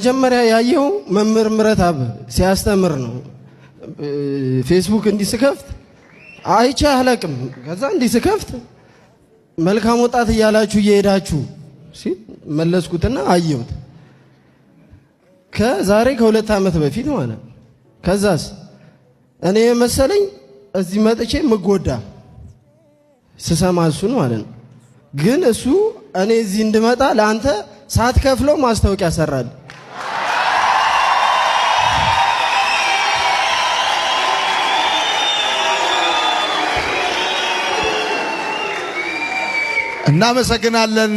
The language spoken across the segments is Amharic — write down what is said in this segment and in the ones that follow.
መጀመሪያ ያየው መምህር ምረት አብ ሲያስተምር ነው። ፌስቡክ እንዲስከፍት ስከፍት አይቼ አላቅም። ከዛ እንዲስከፍት መልካም ወጣት እያላችሁ እየሄዳችሁ ሲል መለስኩትና አየሁት። ከዛሬ ከሁለት ዓመት በፊት ማለት ከዛስ እኔ የመሰለኝ እዚህ መጥቼ ምጎዳ ስሰማ እሱን ማለት ነው። ግን እሱ እኔ እዚህ እንድመጣ ለአንተ ሳትከፍለው ማስታወቂያ ሰራል። እናመሰግናለን።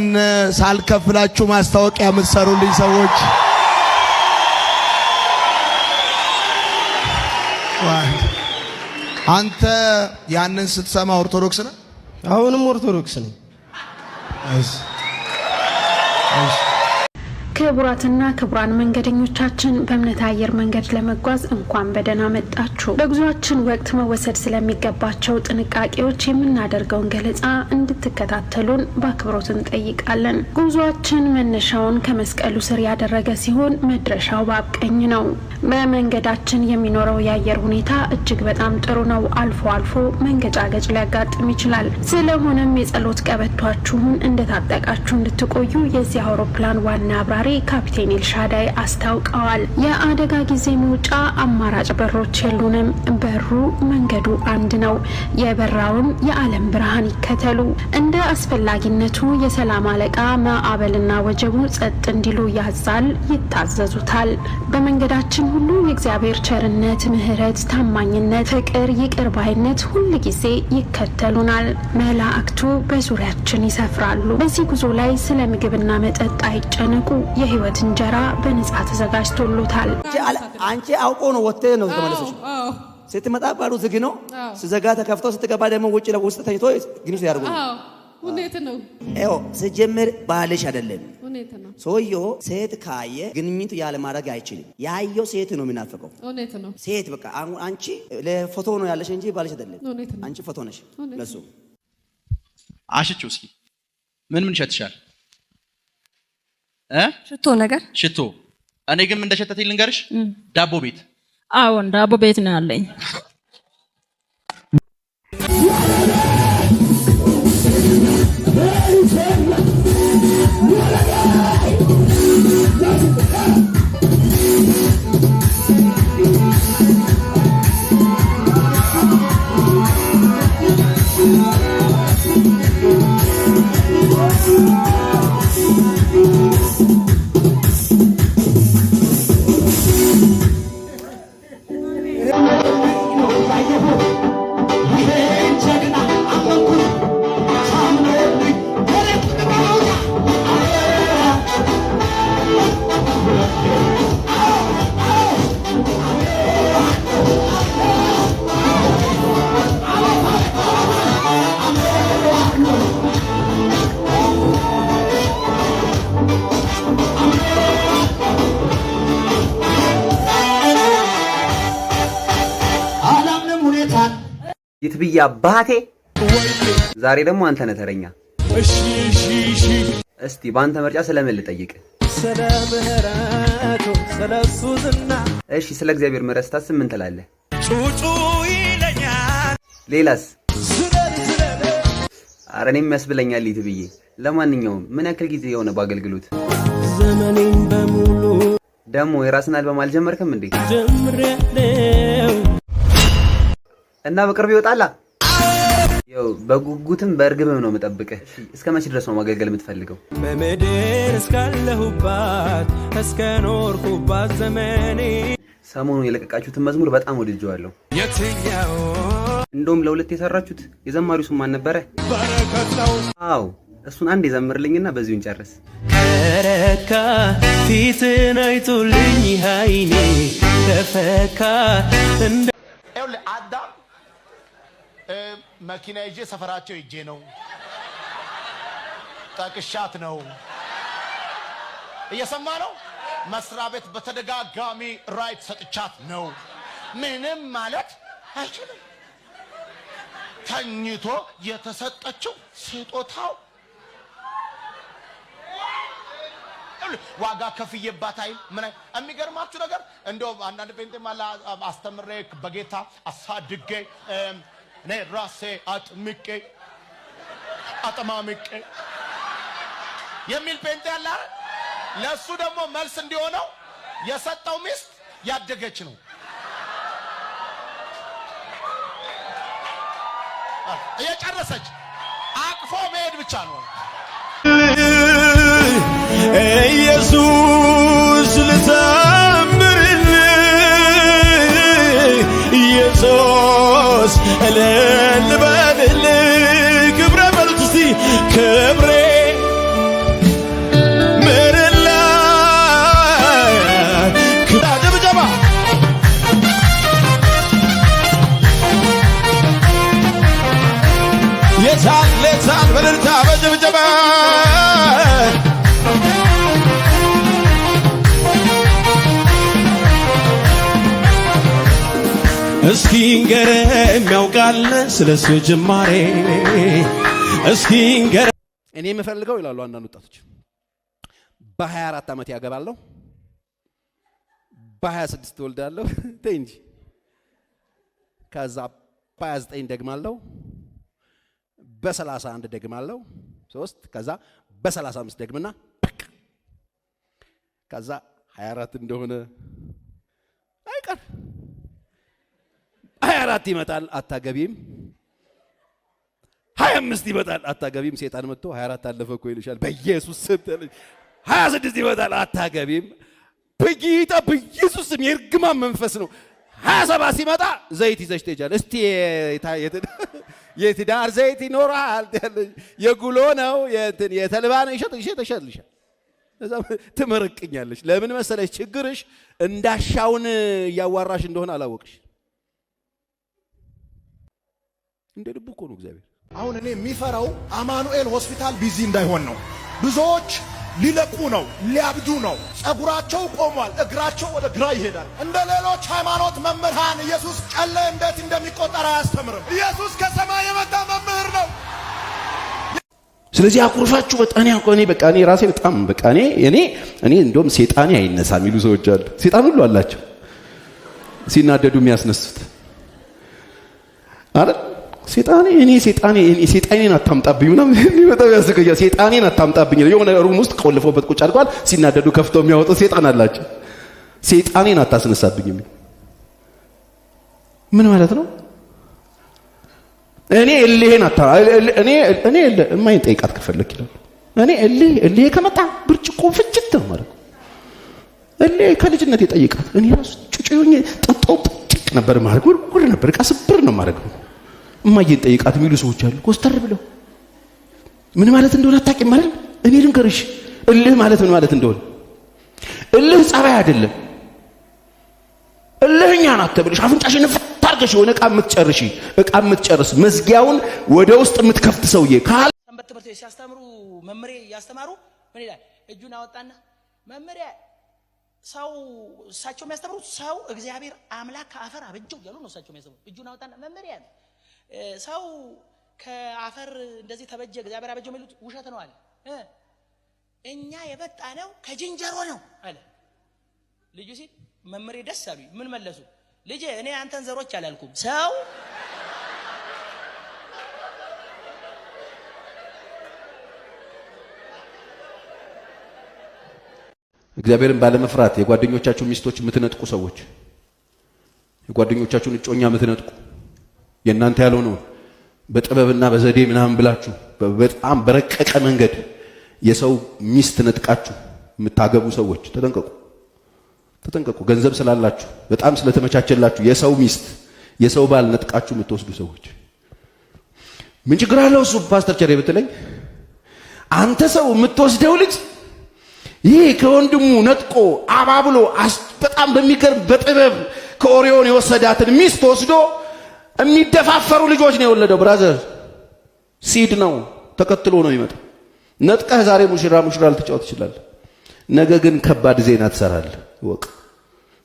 ሳልከፍላችሁ ማስታወቂያ የምትሰሩልኝ ሰዎች አንተ ያንን ስትሰማ ኦርቶዶክስ ነህ? አሁንም ኦርቶዶክስ ነኝ። ክቡራትና ክቡራን መንገደኞቻችን በእምነት አየር መንገድ ለመጓዝ እንኳን በደህና መጣችሁ። በጉዟችን ወቅት መወሰድ ስለሚገባቸው ጥንቃቄዎች የምናደርገውን ገለጻ እንድትከታተሉን በአክብሮት እንጠይቃለን። ጉዟችን መነሻውን ከመስቀሉ ስር ያደረገ ሲሆን መድረሻው በአብቀኝ ነው። በመንገዳችን የሚኖረው የአየር ሁኔታ እጅግ በጣም ጥሩ ነው። አልፎ አልፎ መንገጫገጭ ሊያጋጥም ይችላል። ስለሆነም የጸሎት ቀበቷችሁን እንደታጠቃችሁ እንድትቆዩ የዚህ አውሮፕላን ዋና አብራሪ ዛሬ ካፒቴን ኤልሻዳይ አስታውቀዋል። የአደጋ ጊዜ መውጫ አማራጭ በሮች የሉንም። በሩ መንገዱ አንድ ነው። የበራውን የዓለም ብርሃን ይከተሉ። እንደ አስፈላጊነቱ የሰላም አለቃ ማዕበልና ወጀቡ ጸጥ እንዲሉ ያዛል፣ ይታዘዙታል። በመንገዳችን ሁሉ የእግዚአብሔር ቸርነት፣ ምሕረት፣ ታማኝነት፣ ፍቅር፣ ይቅር ባይነት ሁል ጊዜ ይከተሉናል። መላእክቱ በዙሪያችን ይሰፍራሉ። በዚህ ጉዞ ላይ ስለ ምግብና መጠጥ አይጨነቁ። የህይወት እንጀራ በነጻ ተዘጋጅቶሎታል። አንቺ አውቆ ነው ወተ ነው ተመለሰች። ስትመጣ ባሉ ዝግ ነው፣ ስዘጋ ተከፍቶ፣ ስትገባ ደግሞ ውጭ ለውስጥ ተኝቶ ግንኙነት ያደርጉ ነው። ስጀምር ባልሽ አይደለም ሰውየው ሴት ካየ ግንኙት ያለ ማድረግ አይችልም። ያየው ሴት ነው የሚናፈቀው። ሴት በቃ አንቺ ለፎቶ ነው ያለሽ እንጂ ባልሽ አይደለም። አንቺ ፎቶ ነሽ ለሱ። አሽቹ እስኪ ምን ምን ይሸትሻል? ሽቶ ነገር ሽቶ። እኔ ግን እንደሸተተኝ ልንገርሽ፣ ዳቦ ቤት። አዎን ዳቦ ቤት ነው ያለኝ። አቤት ብዬ አባቴ። ዛሬ ደግሞ አንተ ነህ ተረኛ። እስቲ በአንተ ምርጫ ስለምን ልጠይቅ? እሺ ስለ እግዚአብሔር ምሕረት ስታስብ ምን ትላለህ? ጩጩ ይለኛል። ሌላስ? ኧረ እኔም ያስብለኛል ይት ብዬ። ለማንኛውም ምን ያክል ጊዜ የሆነ በአገልግሎት ዘመኔን በሙሉ ደግሞ የራስን አልበም አልጀመርክም እንዴ? እና በቅርብ ይወጣላ። በጉጉትም በእርግብም ነው የምጠብቅህ። እስከ መቼ ድረስ ነው ማገልገል የምትፈልገው? በምድር እስካለሁባት እስከ ኖርኩባት ዘመኔ። ሰሞኑን የለቀቃችሁትን መዝሙር በጣም ወድጀዋለሁ። የትኛው እንደውም ለሁለት የሰራችሁት የዘማሪው ስም ማን ነበረ? አዎ እሱን አንድ የዘምርልኝና በዚሁ እንጨርስ። ከረካ ፊትን አይቶልኝ አይኔ ተፈካ መኪና ይዤ ሰፈራቸው ይጄ ነው ጠቅሻት ነው። እየሰማ ነው። መስሪያ ቤት በተደጋጋሚ ራይት ሰጥቻት ነው። ምንም ማለት አይችልም። ተኝቶ የተሰጠችው ስጦታው ዋጋ ከፍዬባት አይል ምን የሚገርማችሁ ነገር እንደው አንዳንድ ጴንጤ አስተምሬ በጌታ አሳድጌ እኔ ራሴ አጥምቄ አጠማምቄ የሚል ጴንጤ ያለ ለእሱ ደግሞ መልስ እንዲሆነው የሰጠው ሚስት ያደገች ነው። እየጨረሰች አቅፎ መሄድ ብቻ ነው። ኢየሱስ ልታ ሌሳን ሌሳን በድርታ በጭብጨባ እስኪ ንገረ የሚያውቃል ስለሱ ጅማሬ እስኪ ንገረ እኔ የምፈልገው ይላሉ አንዳንድ ወጣቶች በ24 ዓመት ያገባለሁ በ26 ትወልዳለሁ ተይ እንጂ ከዛ በ29 ደግማለሁ በ31 ደግማለሁ ሶስት ከዛ በ35 ደግምና ከዛ 24 እንደሆነ አይቀር 24 ይመጣል፣ አታገቢም። 25 ይመጣል፣ አታገቢም። ሴጣን መጥቶ 24 አለፈ እኮ ይልሻል። በኢየሱስ ስም ተልሽ 26 ይመጣል፣ አታገቢም። በጌታ በኢየሱስ ስም የእርግማን መንፈስ ነው። 27 ሲመጣ ዘይት ይዘሽ ትሄጃለሽ። እስቲ የትዳር ዘይት ይኖራል። የጉሎ ነው የተልባ ነው ይሸጥ ይሸጥ ይሸጥልሻል። ትመረቅኛለች። ለምን መሰለሽ? ችግርሽ እንዳሻውን እያዋራሽ እንደሆነ አላወቅሽ። እንደ ልቡ እኮ ነው እግዚአብሔር። አሁን እኔ የሚፈራው አማኑኤል ሆስፒታል ቢዚ እንዳይሆን ነው ብዙዎች ሊለቁ ነው፣ ሊያብዱ ነው። ጸጉራቸው ቆሟል፣ እግራቸው ወደ ግራ ይሄዳል። እንደ ሌሎች ሃይማኖት መምህራን ኢየሱስ ጨለ እንዴት እንደሚቆጠር አያስተምርም። ኢየሱስ ከሰማይ የመጣ መምህር ነው። ስለዚህ አኩርፋችሁ በጣም ያቆኔ በቃ እኔ ራሴ በጣም በቃ እኔ እኔ እኔ እንደውም ሴጣኔ አይነሳ የሚሉ ሰዎች አሉ። ሴጣን ሁሉ አላቸው ሲናደዱ የሚያስነሱት አይደል ሴጣኔ እኔ ሴጣኔ እኔ ሴጣኔን አታምጣብኝ ምናምን በጣም ያስቀኛል። ሴጣኔን አታምጣብኝ የሆነ ሩም ውስጥ ቆልፎበት ቁጭ አድርጓል። ሲናደዱ ከፍቶ የሚያወጡ ሴጣን አላቸው። ሴጣኔን አታስነሳብኝ የሚል ምን ማለት ነው? እኔ እልህን አታ እኔ እኔ እማይን ጠይቃት ከፈለክ ይላል። እኔ እልህ እልህ ከመጣ ብርጭቆ ፍጭት ነው ማለት እልህ ከልጅነት የጠይቃት እኔ ራሱ ጩጭ ሆኜ ጠጣው ነበር ማለት ጉርጉር ነበር ቃ ስብር ነው ማለት ነው እማዬን ጠይቃት የሚሉ ሰዎች አሉ። ኮስተር ብለው ምን ማለት እንደሆነ አታውቂም አይደል? እኔ ልንገርሽ፣ እልህ ማለት ምን ማለት እንደሆነ። እልህ ጸባይ አይደለም። እልህኛ ናት ተብለሽ አፍንጫሽን ታርገሽ የሆነ እቃ የምትጨርሽ እቃ የምትጨርስ መዝጊያውን ወደ ውስጥ የምትከፍት ሰውዬ ካል ሰንበት ትምህርት ቤት ሲያስተምሩ መምሬ እያስተማሩ ምን ይላል? እጁን አወጣና መመሪያ ሰው እሳቸው የሚያስተምሩት ሰው እግዚአብሔር አምላክ ከአፈር አበጀው እያሉ ነው እሳቸው የሚያስተምሩት። እጁን አወጣና መመሪያ ሰው ከአፈር እንደዚህ ተበጀ እግዚአብሔር አበጀ የሚሉት ውሸት ነው አለ። እኛ የበጣ ነው ከዝንጀሮ ነው አለ ልጁ ሲል መምሬ ደስ አሉ። ምን መለሱ? ልጄ እኔ አንተን ዘሮች አላልኩም ሰው እግዚአብሔርን ባለመፍራት የጓደኞቻችሁ ሚስቶች የምትነጥቁ ሰዎች የጓደኞቻችሁን እጮኛ የምትነጥቁ የእናንተ ያልሆነውን በጥበብና በዘዴ ምናምን ብላችሁ በጣም በረቀቀ መንገድ የሰው ሚስት ነጥቃችሁ የምታገቡ ሰዎች ተጠንቀቁ፣ ተጠንቀቁ። ገንዘብ ስላላችሁ በጣም ስለተመቻቸላችሁ የሰው ሚስት የሰው ባል ነጥቃችሁ የምትወስዱ ሰዎች ምን ችግር አለው? እሱ ፓስተር ቸሬ ብትለኝ አንተ ሰው የምትወስደው ልጅ ይህ ከወንድሙ ነጥቆ አባብሎ በጣም በሚገርም በጥበብ ከኦሪዮን የወሰዳትን ሚስት ወስዶ የሚደፋፈሩ ልጆች ነው የወለደው። ብራዘር ሲድ ነው ተከትሎ ነው የሚመጣው። ነጥቀህ ዛሬ ሙሽራ ሙሽራ ልትጫወት ትችላለህ። ነገ ግን ከባድ ዜና ትሰራለህ። ወቅ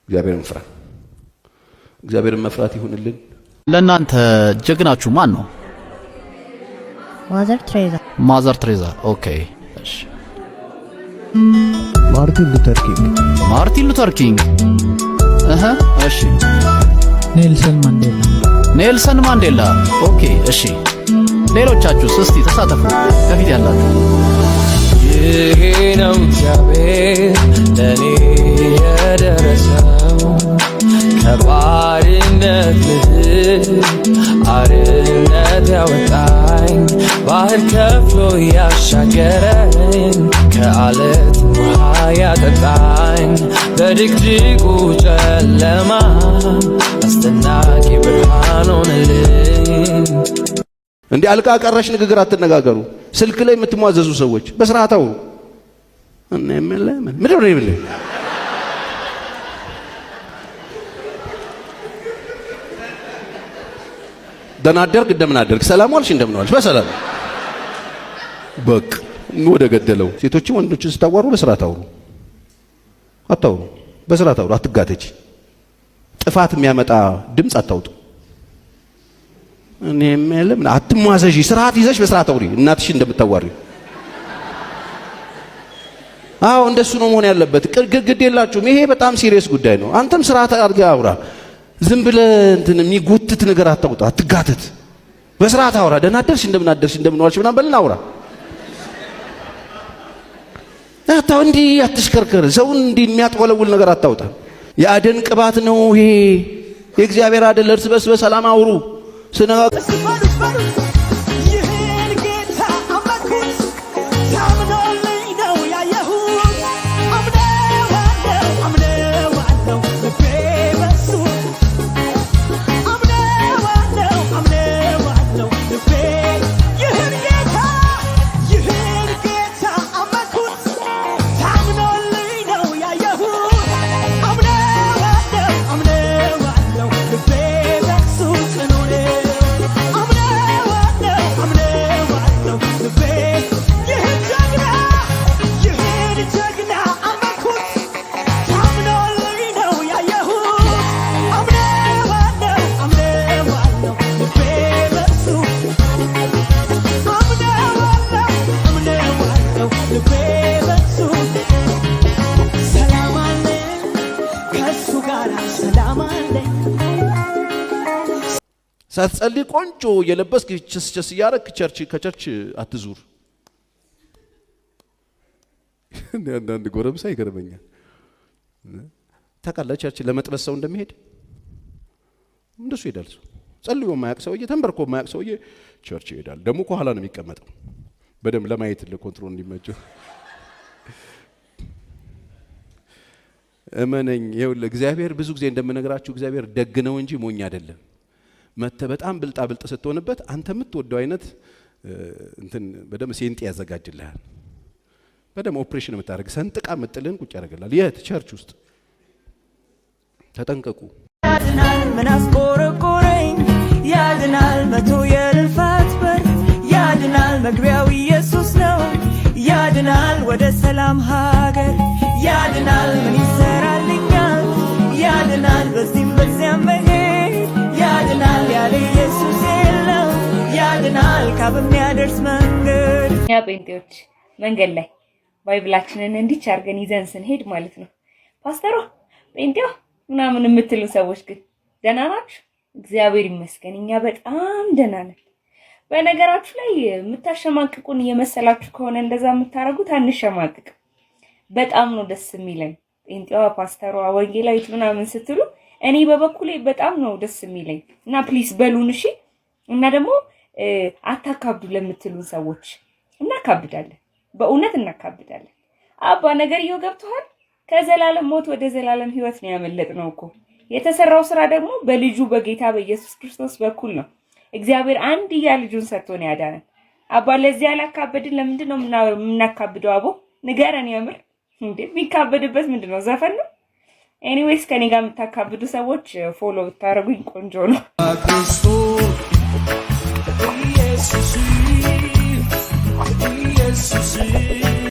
እግዚአብሔርን ፍራ። እግዚአብሔርን መፍራት ይሁንልን። ለእናንተ ጀግናችሁ ማን ነው? ማዘር ትሬዛ። ማዘር ትሬዛ። ኦኬ እሺ። ማርቲን ሉተር ኪንግ። ማርቲን ሉተር ኪንግ። እህ እሺ። ኔልሰን ማንዴላ ኔልሰን ማንዴላ። ኦኬ እሺ፣ ሌሎቻችሁ እስቲ ተሳተፉ። ከፊት ያላችሁ ይሄ ነው እግዚአብሔር ለኔ የደረሰው ከባርነት አርነት ያወጣኝ ባህር ከፍሎ ያሻገረኝ ከአለት ውሃ ያጠጣኝ በድቅድቁ ጨለማ አልሆነልኝ። እንዲህ አልቃ ቀረሽ ንግግር አትነጋገሩ። ስልክ ላይ የምትሟዘዙ ሰዎች በስርዓት አውሩ። ምንድን ነው የምልህ? ደህና አደርግ፣ እንደምን አደርግ፣ ሰላም ዋልሽ፣ እንደምን ዋልሽ፣ በሰላም በቅ ወደ ገደለው። ሴቶችም ወንዶችን ስታዋሩ በስርዓት አውሩ። አታውሩ፣ በስርዓት አውሩ። አትጋተች። ጥፋት የሚያመጣ ድምፅ አታውጡ። እኔ ምልም አትሟዘዢ፣ ስርዓት ይዘሽ በስርዓት አውሪ፣ እናትሽ እንደምታዋሪ። አዎ እንደሱ ነው መሆን ያለበት። ግድ የላችሁም። ይሄ በጣም ሲሪየስ ጉዳይ ነው። አንተም ስርዓት አድርገህ አውራ። ዝም ብለ እንትን የሚጎትት ነገር አታውጣ፣ አትጋተት። በስርዓት አውራ። ደህና አደርሽ፣ እንደምን አደርሽ፣ እንደምን ዋልሽ ምናምን በልና አውራ። አታው እንዲህ አትሽከርከር። ሰውን እንዲህ የሚያጥወለውል ነገር አታውጣ። የአደን ቅባት ነው ይሄ የእግዚአብሔር አደል። እርስ በርስ በሰላም አውሩ። Sunagot. ቆንጆ የለበስክ ቸስቸስ እያደረክ ቸርች ከቸርች አትዙር። አንዳንድ ጎረምሳ ይገርመኛል። ታውቃለህ ቸርች ለመጥበስ ሰው እንደሚሄድ እንደሱ ይሄዳል። ሰው ጸልዮ የማያውቅ ሰውዬ፣ ተንበርኮ የማያውቅ ሰውዬ ቸርች ይሄዳል። ደግሞ ከኋላ ነው የሚቀመጠው በደንብ ለማየት ለኮንትሮል እንዲመቸው እመነኝ። ይኸውልህ እግዚአብሔር ብዙ ጊዜ እንደምነግራችሁ እግዚአብሔር ደግ ነው እንጂ ሞኝ አይደለም። መተ በጣም ብልጣ ብልጥ ስትሆንበት አንተ የምትወደው አይነት እንትን በደም ሴንጤ ያዘጋጅልሃል። በደም ኦፕሬሽን የምታደርግ ሰንጥቃ ምጥልን ቁጭ ያደርግልሃል። የት ቸርች ውስጥ ተጠንቀቁ። ያድናል ምን አስቆረቆረኝ፣ ያድናል መቶ የልፋት በር፣ ያድናል መግቢያው ኢየሱስ ነው፣ ያድናል ወደ ሰላም ሀገር፣ ያድናል ምን ይሰራልኛል፣ ያድናል በዚህም በዚያም መሄድ ያድናል ያለ ኢየሱስ የለም። ያድናል ካብ የሚያደርስ መንገድ እኛ ጴንጤዎች መንገድ ላይ ባይብላችንን እንዲች አድርገን ይዘን ስንሄድ ማለት ነው። ፓስተሯ ጴንጤው ምናምን የምትሉ ሰዎች ግን ደህና ናችሁ? እግዚአብሔር ይመስገን እኛ በጣም ደህና ነን። በነገራችሁ ላይ የምታሸማቅቁን እየመሰላችሁ ከሆነ እንደዛ የምታደርጉት አንሸማቅቅም። በጣም ነው ደስ የሚለን ጴንጤዋ፣ ፓስተሯ፣ ወንጌላዊት ምናምን ስትሉ እኔ በበኩሌ በጣም ነው ደስ የሚለኝ እና ፕሊስ በሉን እሺ። እና ደግሞ አታካብዱ ለምትሉን ሰዎች እናካብዳለን፣ በእውነት እናካብዳለን። አባ እየው ገብቶሃል? ከዘላለም ሞት ወደ ዘላለም ህይወት ነው ያመለጥ ነው እኮ የተሰራው ስራ ደግሞ በልጁ በጌታ በኢየሱስ ክርስቶስ በኩል ነው። እግዚአብሔር አንድያ ልጁን ሰጥቶን ያዳነን። አባ ለዚህ ያላካበድን ለምንድን ነው የምናካብደው? አቦ ንገረን። የምር እንዴ የሚካበድበት ምንድን ነው? ዘፈን ነው ኤኒዌይስ ከኔ ጋር የምታካብዱ ሰዎች ፎሎ ብታደርጉኝ ቆንጆ ነው። ኢየሱስ ኢየሱስ